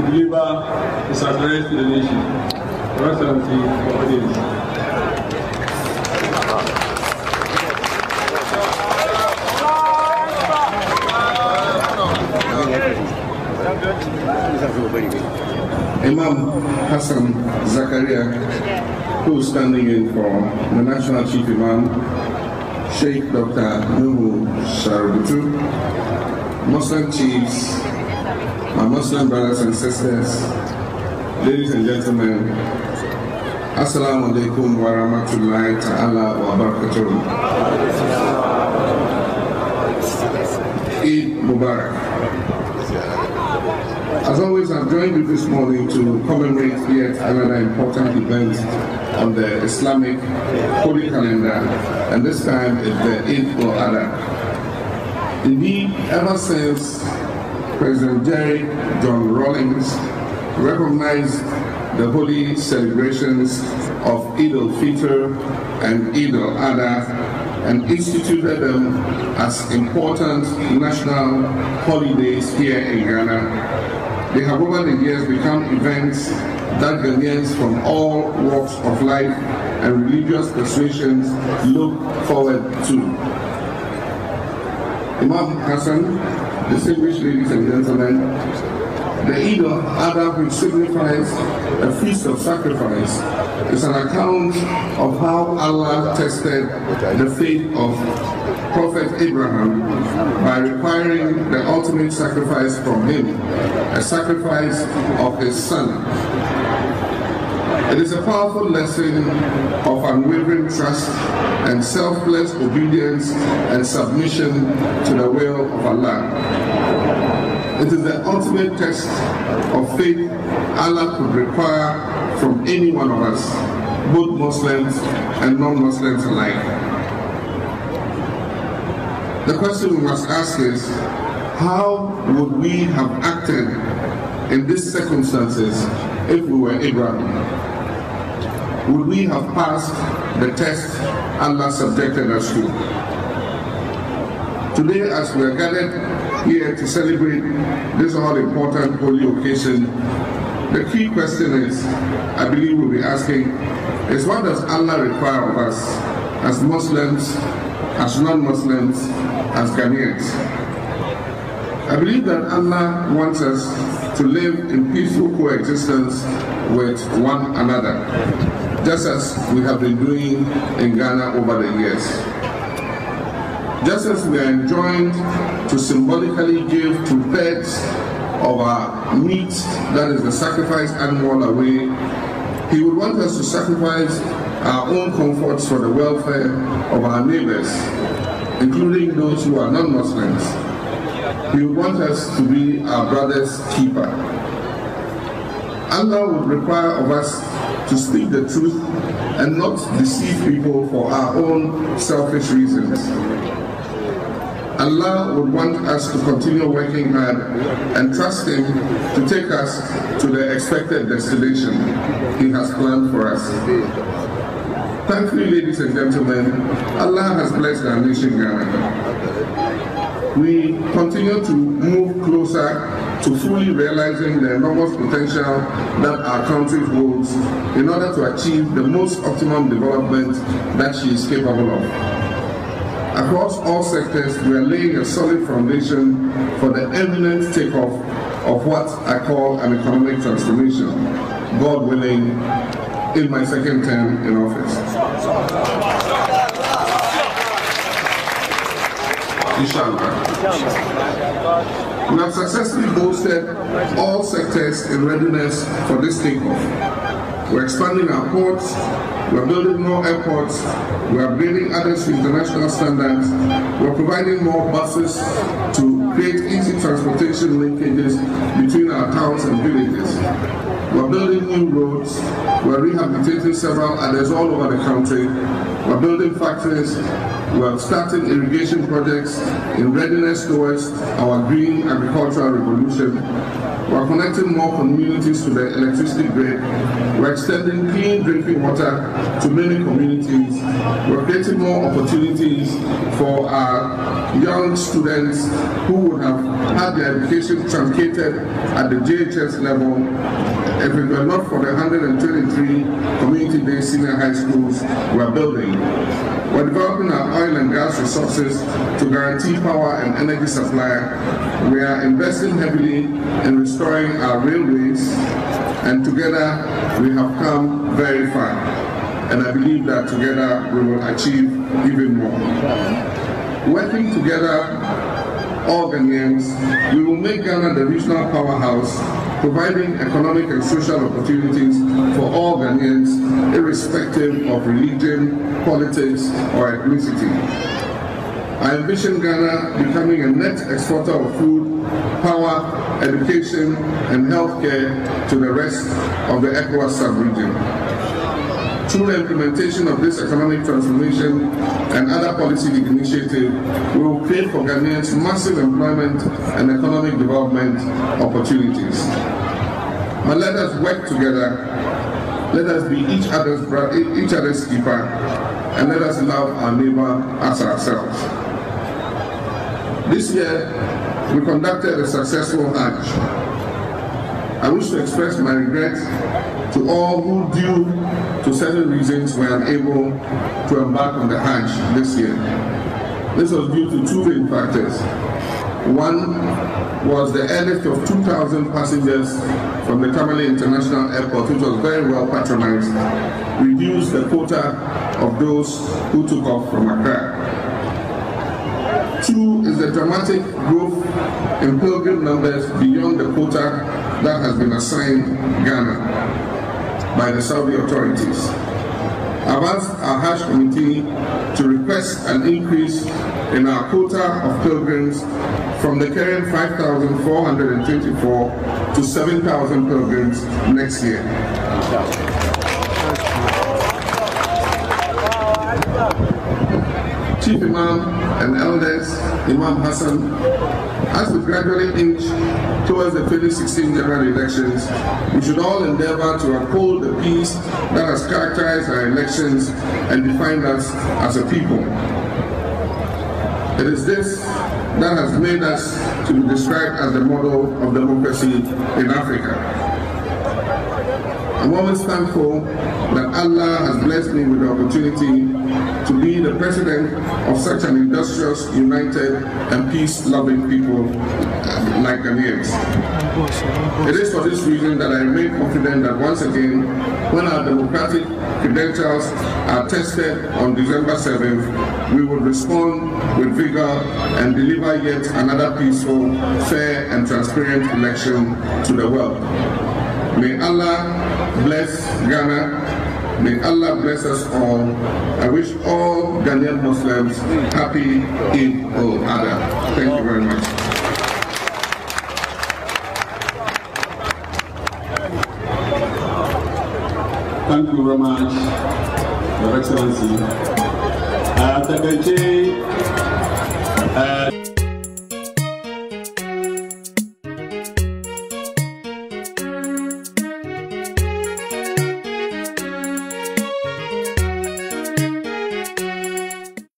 The to the nation. Your Excellency, your audience. Imam Hassan Zakaria, who is standing in for the National Chief Imam, Sheikh Dr. Nuhu Shaributu, Muslim Chiefs, my Muslim brothers and sisters, ladies and gentlemen, Assalamu alaikum wa rahmatullahi ta'ala wa barakatuh. Eid Mubarak. As always, I'm joined you this morning to commemorate yet another important event on the Islamic holy calendar, and this time it's the Eid al-Adha. Indeed, ever since President Jerry John Rawlings recognized the holy celebrations of Eid al-Fitr and Eid al-Adha and instituted them as important national holidays here in Ghana. They have over the years become events that Ghanaians from all walks of life and religious persuasions look forward to. Imam Hassan, distinguished ladies and gentlemen, the Eid of Adha, which signifies a feast of sacrifice, is an account of how Allah tested the faith of Prophet Abraham by requiring the ultimate sacrifice from him, a sacrifice of his son. It is a powerful lesson of unwavering trust and selfless obedience and submission to the will of Allah. It is the ultimate test of faith Allah could require from any one of us, both Muslims and non-Muslims alike. The question we must ask is, how would we have acted in these circumstances if we were Abraham? would we have passed the test Allah subjected us to? Today, as we are gathered here to celebrate this all-important holy occasion, the key question is, I believe we'll be asking, is what does Allah require of us as Muslims, as non-Muslims, as Ghanaians? I believe that Allah wants us to live in peaceful coexistence with one another just as we have been doing in Ghana over the years. Just as we are enjoined to symbolically give to birds of our meat, that is the sacrificed animal away, he would want us to sacrifice our own comforts for the welfare of our neighbors, including those who are non-Muslims. He would want us to be our brother's keeper. Allah would require of us to speak the truth and not deceive people for our own selfish reasons. Allah would want us to continue working hard and trust Him to take us to the expected destination He has planned for us. Thank you, ladies and gentlemen, Allah has blessed our nation Ghana. We continue to move closer to fully realizing the enormous potential that our country holds in order to achieve the most optimum development that she is capable of. Across all sectors, we are laying a solid foundation for the imminent takeoff of what I call an economic transformation, God willing, in my second term in office. Inshallah. We have successfully bolstered all sectors in readiness for this takeoff. We're expanding our ports, we're building more airports, we're upgrading others to international standards, we're providing more buses to create easy transportation linkages between our towns and villages. We're building new roads, we're rehabilitating several others all over the country, we're building factories, we're starting irrigation projects in readiness towards our green agricultural revolution. We're connecting more communities to the electricity grid. We're extending clean drinking water to many communities creating more opportunities for our young students who would have had their education truncated at the JHS level if it were not for the 123 community-based senior high schools we're building. We're developing our oil and gas resources to guarantee power and energy supply. We are investing heavily in restoring our railways, and together we have come very far. And I believe that together we will achieve even more. Working together, all Ghanaians, we will make Ghana the regional powerhouse, providing economic and social opportunities for all Ghanaians, irrespective of religion, politics, or ethnicity. I envision Ghana becoming a net exporter of food, power, education, and healthcare to the rest of the ECOWAS sub-region. Through the implementation of this economic transformation and other policy initiatives, we will create for Ghanaians massive employment and economic development opportunities. But let us work together. Let us be each other's, each other's keeper, and let us love our neighbor as ourselves. This year, we conducted a successful Hajj. I wish to express my regret to all who, due to certain reasons, were unable to embark on the Hajj this year. This was due to two main factors. One was the airlift of 2,000 passengers from the Tamale International Airport, which was very well patronized, reduced the quota of those who took off from Accra. Two is the dramatic growth in pilgrim numbers beyond the quota that has been assigned Ghana by the Saudi authorities. I've asked our Hajj committee to request an increase in our quota of pilgrims from the current 5,424 to 7,000 pilgrims next year. Chief Imam and Elders, Imam Hassan, as we gradually inch towards the 2016 general elections, we should all endeavor to uphold the peace that has characterized our elections and defined us as a people. It is this that has made us to be described as the model of democracy in Africa. A moment's thankful that Allah has blessed me with the opportunity to be the president of such an industrious, united, and peace-loving people like Ghanaians. It is for this reason that I remain confident that once again, when our democratic credentials are tested on December 7th, we will respond with vigor and deliver yet another peaceful, fair, and transparent election to the world. May Allah bless Ghana. May Allah bless us all. I wish all Ghanaian Muslims happy Eid al-Adha. Thank you very much. Thank you very much, Your Excellency. uh, uh